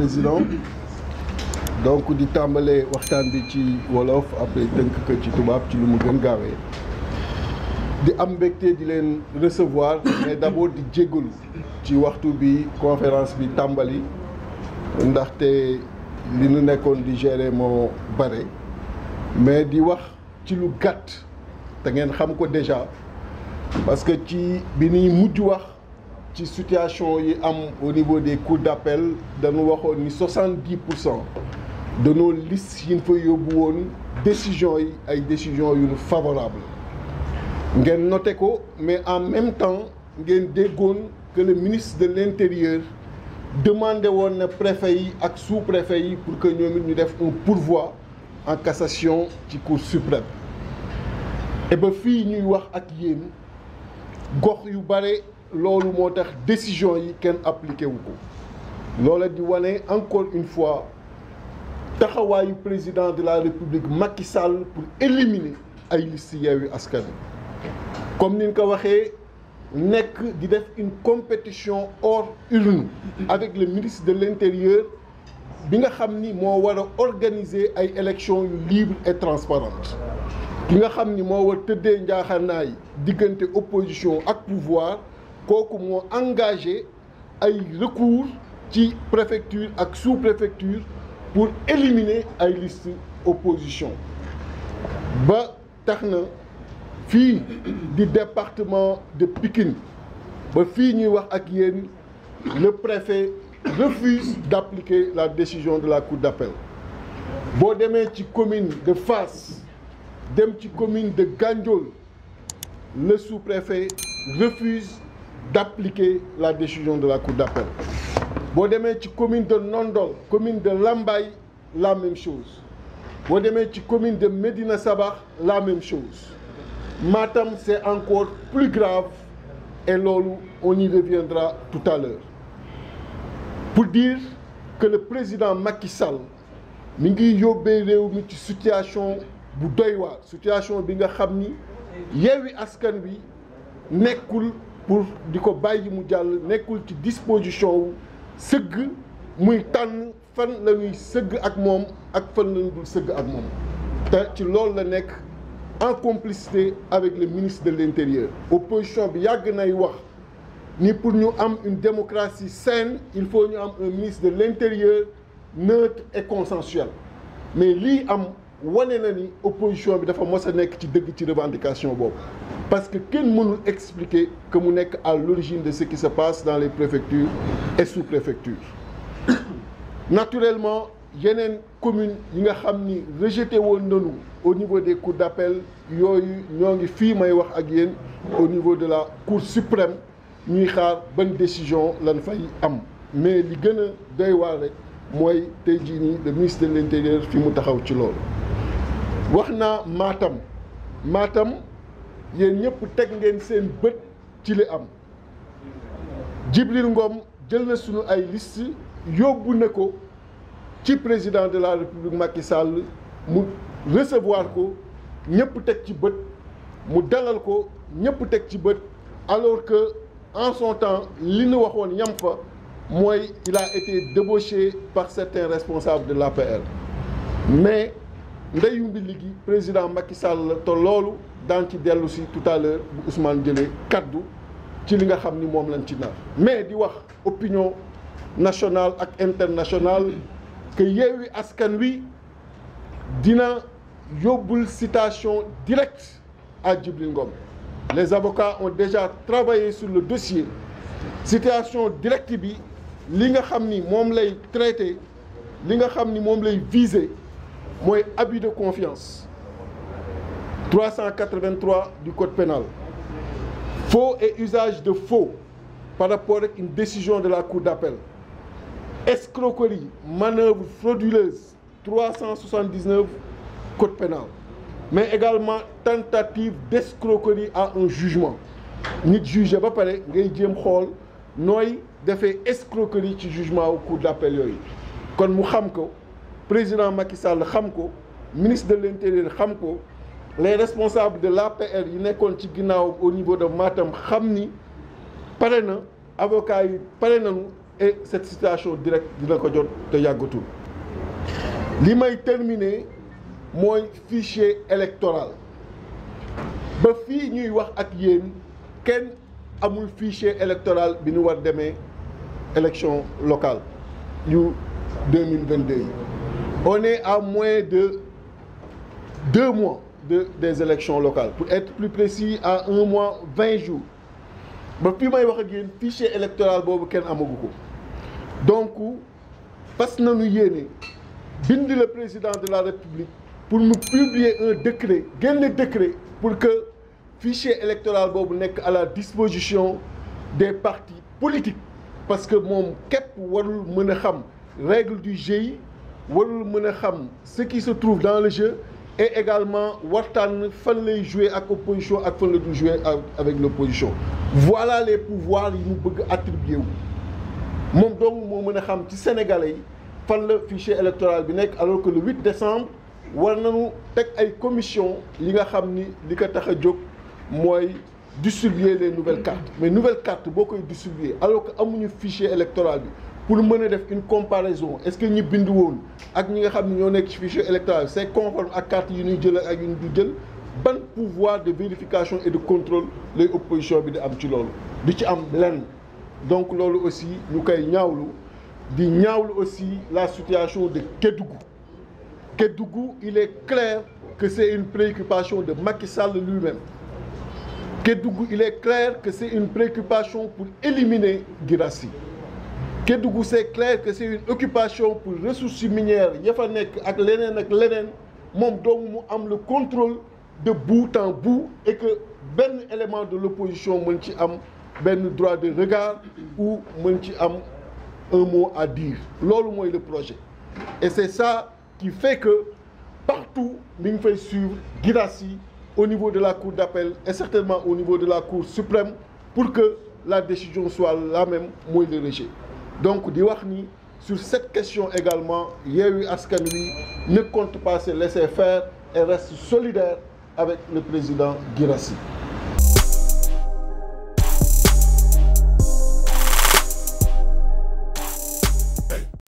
président donc di tàmbale waxtaan bi ci wolof après tënk ko ci tubaab ci lu mu gën gaawee di am mbégte di leen recevoir mais d'abord di jéggalu ci waxtu bi conférence bi tàmbali ndaxte li nu nekkoon di gérer moo bare mais di wax ci lu gàtt te ngeen xam ko déjà parce que ci bi ñuy mujj wax ci situation yi am au niveau des cours d'appel dañu waxoon ni 70 pour cent de nos listes yi ñu fa yóbbu woon décision yi ay décision yu nu favorable ngeen note ko mais en même temps ngeen déggoon que le ministre de l'intérieur demandé woon na préfet yi ak sous yi pour que ñoom it ñu def un pourvoi en cassation ci cour suprême et ba fii ñuy wax ak yéen gox yu bare loolu moo tax décision yi kenn appliqué wu ko loola di wane encore une fois taxawaayu président de la république Macky Sall pour éliminer ay liste Yewwi Askan Wi comme ni nga ko waxee nekk di def une compétition hors urne avec le ministre de l'intérieur bi nga xam ni moo war a organiser ay élections yu libres et transparentes ki nga xam ni moo war tëddee njaaxanaay diggante opposition ak pouvoir kooku moo engage ay recours ci préfecture ak sous-préfecture pour éliminer ay liste opposition ba tax na fii di département de Pikine ba fii ñuy wax ak yéen le préfet refuse d'appliquer la décision de la cour d'appel boo demee ci commune de Fass dem ci commune de Gandiol le sous-préfet refuse d'appliquer la décision de la cour d'appel boo demee ci commune de Nondol commune de Lambaye la même chose boo demee ci commune de Médina Sabakh la même chose Matam c'est encore plus grave et loolu on y reviendra tout à l'heure pour dire que le président Macky mi ngi yóbbee réew mi ci situation bu doy waar situation bi nga xam ni Yewwi Askan Wi nekkul pour di ko bàyyi mu jàll nekkul ci disposition wu sëgg muy tànn fan la sëgg ak moom ak fan la ñu sëgg ak moom te ci loolu la nekk en complicité avec le ministre de l'intérieur opposition bi yàgg nay wax ni pour ñu am une démocratie saine il faut ñu am un ministre de l'intérieur neutre et consensuel mais lii am wane na ni opposition bi dafa mos a nekk ci dëgg ci revendication boobu parce que kenn mënul expliquer que mu nekk à l'origine de ce qui se passe dans les préfectures et sous-préfectures naturellement yeneen commune yi nga xam ni rejeté woon nañu au niveau des cours d'appel yooyu ñoo ngi fii may wax ak yéen au niveau de la cour suprême ñuy xaar ban décision lan fay am mais li gën a doy waar rek mooy tey jii nii le ministre l'intérieur fi mu taxaw ci loolu wax naa Matam Matam yéen ñëpp teg ngeen seen bët ci li am Djibril Ngom jël na sunu ay liste yóbbu ne ko ci président de la république Macky Sall mu recevoir ko ñëpp teg ci bët mu dalal ko ñëpp teg ci bët alors que en son temps li ñu waxoon yam fa mooy il a été débauché par certains responsables de l'APR mais ndeyu mbilli gi président Macky Sall la te loolu daan ci dellu si tout à l'heure bu Ousmane jëlee kaddu ci li nga xam ni moom lañ ci nar mais di wax opinion nationale ak internationale que Yewwi Askan Wi dina yóbbul citation directe à Djibril Ngom les avocats ont déjà travaillé sur le dossier citation directe bi li nga xam ni moom lay traité li nga xam ni moom lay visé mooy abus de confiance 383 du code pénal faux et usage de faux par rapport ak une décision de la cour d'appel escroquerie manœuvre frauduleuse 379 code pénal mais également tentative d'escroquerie à un jugement nit jugé ba pare ngay jéem xool nooy dafay escroquerie ci jugement au cour d'appel yooyu kon mu xam ko président Macky Sall xam ko ministre de l'intérieur xam ko les responsable de la l'APR yi nekkoon ci ginnaaw au niveau de Matam xam ni pare na avocat pare nañu et cette situation directe dina ko jot te yàggatul li may terminer mooy fichier électoral ba fii ñuy wax ak yéen kenn amul fichier électoral bi ñu war demee élection locale yu 2022 yi On est à moins de deux mois de, des élections locales. Pour être plus précis, à un mois, 20 jours. ba fi may wax ak yéen fichier électoral boobu kenn amagu ko donc fas nañu yéene bind le président de la république pour mu publier un décret génne décret pour que fichier électoral boobu nekk à la disposition des partis politiques parce que moom képp warul mën a xam règle du GIE warul mën a xam ce qui se trouve dans le jeu et également waxtaan fan lay jouer ak opposition ak fan la dul jouer avec l'opposition voilà les pouvoirs yi mu bëgg attribuer wu moom donc moo mën a xam ci sénégalais yi fan la fichier électoral bi nekk alors que le 8 décembre war nañu teg ay commission yi nga xam ni li ko tax a jóg mooy distribuer les nouvelles cartes mais nouvelles cartes boo koy distribuer alors que amuñu fichier électoral bi pour mën a def une comparaison est-ce que ñi bind woon ak ñi nga xam ne ñoo nekk ci fichier électoral c'est conforme ak carte yu ñuy jël ak yu ñu du jël ban pouvoir de vérification et de contrôle lay opposition bi di am ci loolu du ci am lenn donc loolu aussi ñu koy ñaawlu di ñaawlu aussi la situation de Kédougou Kédougou il est clair que c'est une préoccupation de Macky Sall lui-même Kédougou il est clair que c'est une préoccupation pour éliminer Guirassy Kédougou c'est clair que c'est une occupation pour ressources minières ya fa nekk ak leneen ak leneen moom doomu mu am le contrôle de bout en bout et que benn élément de l'opposition man ci am benn droit de regard ou mën ci am un mot à dire loolu mooy le projet et c'est ça qui fait que partout mi ngi fay suivre Guirassy au niveau de la cour d'appel et certainement au niveau de la cour suprême pour que la décision soit la même mooy le rejet donc di wax ni sur cette question également Yewwi Askan Wi ne compte pas se laisser faire et reste solidaire avec le président Guirassy